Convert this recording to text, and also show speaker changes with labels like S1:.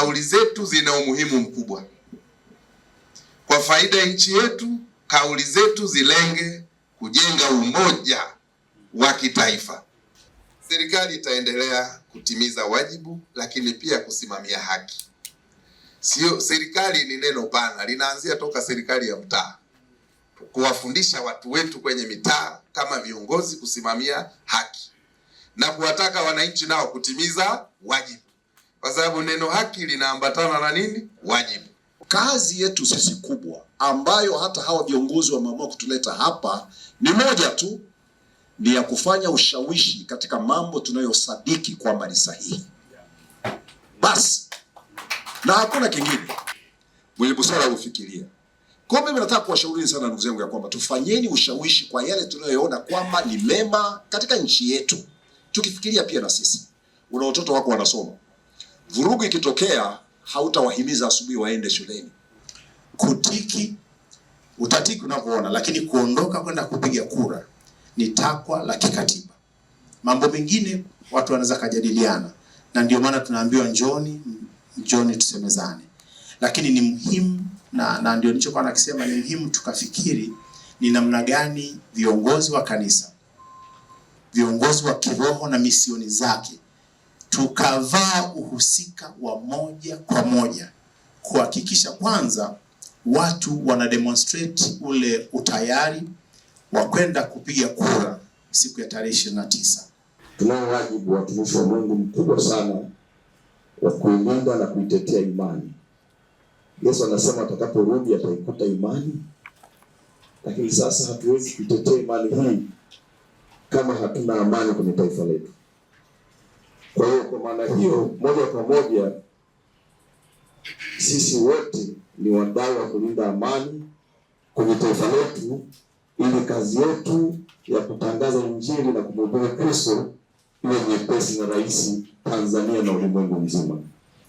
S1: kauli zetu zina umuhimu mkubwa kwa faida ya nchi yetu. Kauli zetu zilenge kujenga umoja wa kitaifa. Serikali itaendelea kutimiza wajibu, lakini pia kusimamia haki. Sio serikali ni neno pana, linaanzia toka serikali ya mtaa, kuwafundisha watu wetu kwenye mitaa kama viongozi kusimamia haki na kuwataka wananchi nao kutimiza wajibu kwa sababu neno haki linaambatana na nini? Wajibu.
S2: Kazi yetu sisi kubwa, ambayo hata hawa viongozi wameamua kutuleta hapa, ni moja tu, ni ya kufanya ushawishi katika mambo tunayosadiki kwamba ni sahihi, basi na hakuna kingine. Mwenye busara hufikiria. Kwa mimi nataka kuwashauri sana ndugu zangu ya kwamba tufanyeni ushawishi kwa yale tunayoona kwamba ni mema katika nchi yetu, tukifikiria pia na sisi. Una watoto wako wanasoma Vurugu ikitokea hautawahimiza asubuhi waende shuleni. Kutiki utatiki unavyoona, lakini kuondoka kwenda kupiga kura ni takwa la kikatiba. Mambo mengine watu wanaweza kujadiliana, na ndio maana tunaambiwa njoni, njoni tusemezane, lakini ni muhimu na, na ndio nilichokuwa nakisema, ni muhimu tukafikiri ni namna gani viongozi wa kanisa, viongozi wa kiroho na misioni zake tukavaa uhusika wa moja kwa moja kuhakikisha kwanza watu wana demonstrate ule utayari wa kwenda kupiga kura siku ya tarehe ishirini na tisa.
S3: Tunao wajibu watumishi wa Mungu mkubwa sana wa kuilinda na kuitetea imani. Yesu anasema atakaporudi ataikuta imani, lakini sasa hatuwezi kuitetea imani hii kama hatuna amani kwenye taifa letu. Kwa hiyo kwa maana hiyo, moja kwa moja, sisi wote ni wadau wa kulinda amani kwenye taifa letu, ili kazi yetu ya kutangaza Injili na kumhubiri Kristo iwe nyepesi na rahisi Tanzania na ulimwengu mzima.